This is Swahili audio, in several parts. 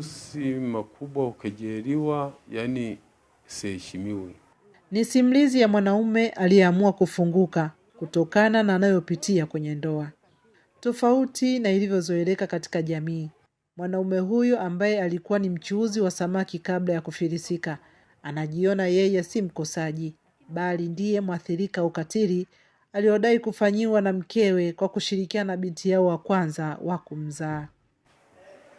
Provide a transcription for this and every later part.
Si makubwa, ukejeriwa, yani siheshimiwi. Ni simulizi ya mwanaume aliyeamua kufunguka kutokana na anayopitia kwenye ndoa, tofauti na ilivyozoeleka katika jamii. Mwanaume huyu ambaye alikuwa ni mchuuzi wa samaki kabla ya kufilisika, anajiona yeye si mkosaji, bali ndiye mwathirika ukatili aliyodai kufanyiwa na mkewe kwa kushirikiana na binti yao wa kwanza wa kumzaa.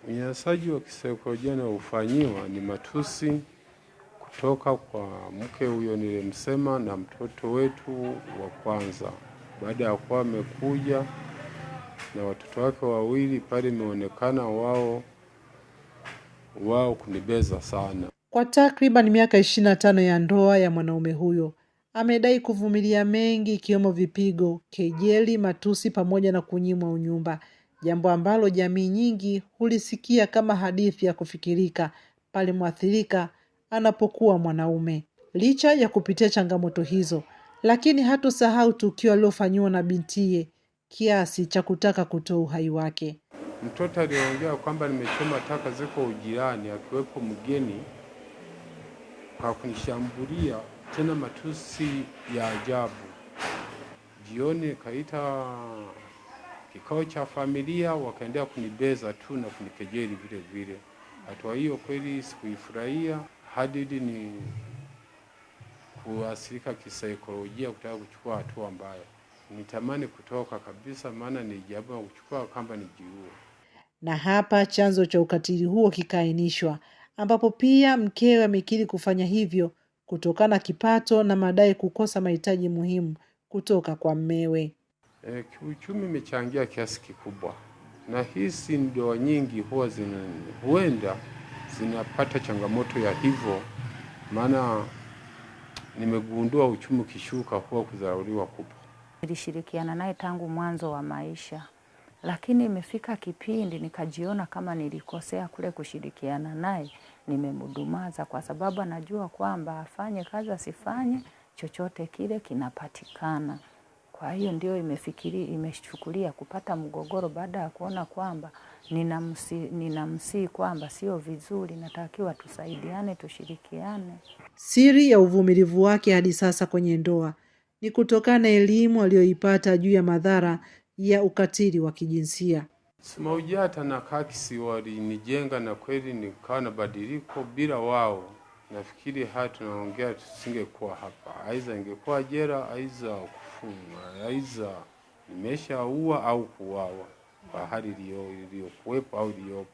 Unyanyasaji wa kisaikolojia naofanyiwa ni matusi kutoka kwa mke huyo nilimsema na mtoto wetu wa kwanza, baada ya kuwa amekuja na watoto wake wawili pale, imeonekana wao wao kunibeza sana. Kwa takriban miaka ishirini na tano ya ndoa ya mwanaume huyo amedai kuvumilia mengi ikiwemo vipigo, kejeli, matusi pamoja na kunyimwa unyumba jambo ambalo jamii nyingi hulisikia kama hadithi ya kufikirika pale mwathirika anapokuwa mwanaume. Licha ya kupitia changamoto hizo, lakini sahau tukio aliofanyiwa na bintiye kiasi cha kutaka kutoa uhai wake. Mtoto aliongea kwamba nimechoma taka ziko ujirani, akiwepo mgeni, kwa kunishambulia tena matusi ya ajabu. Jioni kaita Kikao cha familia wakaendelea kunibeza tu na kunikejeli vile vile. Hatua hiyo kweli sikuifurahia, hadi ni kuasirika kisaikolojia kutaka kuchukua hatua ambayo nitamani kutoka kabisa, maana ni jambo la kuchukua kwamba nijiue. Na hapa chanzo cha ukatili huo kikaainishwa, ambapo pia mkewe amekiri kufanya hivyo kutokana kipato na madai kukosa mahitaji muhimu kutoka kwa mmewe e, kiuchumi imechangia kiasi kikubwa, na hizi ndoa nyingi huwa zina, huenda zinapata changamoto ya hivyo, maana nimegundua uchumi ukishuka huwa kudharauliwa kupo. Nilishirikiana naye tangu mwanzo wa maisha, lakini imefika kipindi nikajiona kama nilikosea kule kushirikiana naye, nimemdumaza kwa sababu anajua kwamba afanye kazi asifanye chochote kile kinapatikana. Kwa hiyo ndio imefikiri imechukulia kupata mgogoro baada ya kuona kwamba ninamsii ninamsi kwamba sio vizuri, natakiwa tusaidiane, tushirikiane. Siri ya uvumilivu wake hadi sasa kwenye ndoa ni kutokana na elimu aliyoipata juu ya madhara ya ukatili wa kijinsia. simaujata na kakisi walinijenga na kweli nikawa na badiliko bila wao. Nafikiri haya tunaongea, tusingekuwa hapa, aidha ingekuwa jera, aidha aiza aidha nimeshaua au kuwawa kwa hali iliyokuwepo au iliyopo.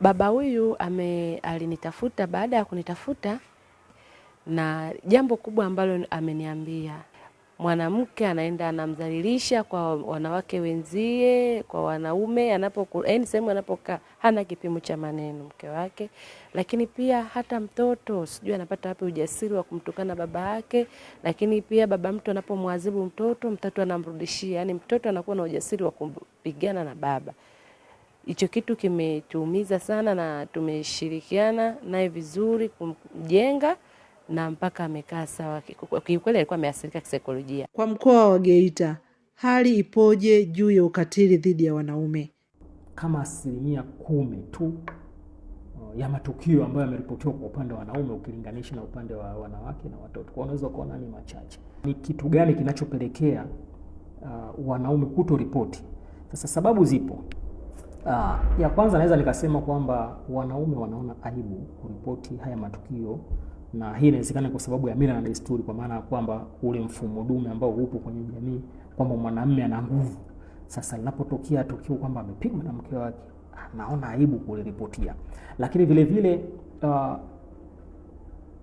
Baba huyu ame alinitafuta, baada ya kunitafuta na jambo kubwa ambalo ameniambia mwanamke anaenda anamdhalilisha kwa wanawake wenzie, kwa wanaume anapoku, yani sehemu anapokaa hana kipimo cha maneno mke wake, lakini pia hata mtoto sijui anapata wapi ujasiri wa kumtukana baba yake. Lakini pia baba mtu anapomwadhibu mtoto, mtoto anamrudishia, yani mtoto anakuwa na ujasiri wa kupigana na baba. Hicho kitu kimetuumiza sana, na tumeshirikiana naye vizuri kumjenga na mpaka amekaa sawa. Kiukweli alikuwa ameathirika kisaikolojia. Kwa mkoa wa Geita hali ipoje juu ya ukatili dhidi ya wanaume? Kama asilimia kumi tu uh, ya matukio ambayo yameripotiwa kwa upande wa wanaume ukilinganisha na upande wa wanawake na watoto, kwa unaweza ukaona ni machache. Ni kitu gani kinachopelekea uh, wanaume ripoti Sasa sababu zipo. Uh, ya kwanza naweza nikasema kwamba wanaume wanaona aibu kuripoti haya matukio na hii inawezekana kwa sababu ya mila na desturi, kwa maana ya kwamba ule mfumo dume ambao upo kwenye jamii kwamba mwanamume ana nguvu. Sasa linapotokea tukio kwamba amepigwa na mke wake, anaona aibu kuliripotia. Lakini vile vile uh,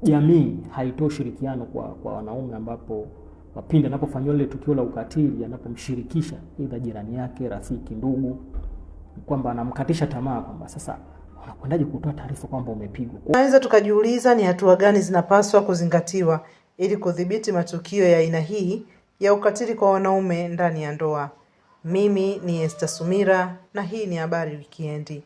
jamii haitoi ushirikiano kwa, kwa wanaume ambapo pindi anapofanyiwa lile tukio la ukatili, anapomshirikisha aidha jirani yake, rafiki, ndugu, kwamba anamkatisha tamaa kwamba sasa unakwendaje kutoa taarifa kwamba umepigwa? Tunaweza tukajiuliza ni hatua gani zinapaswa kuzingatiwa ili kudhibiti matukio ya aina hii ya ukatili kwa wanaume ndani ya ndoa. Mimi ni Esther Sumira na hii ni Habari Wikiendi.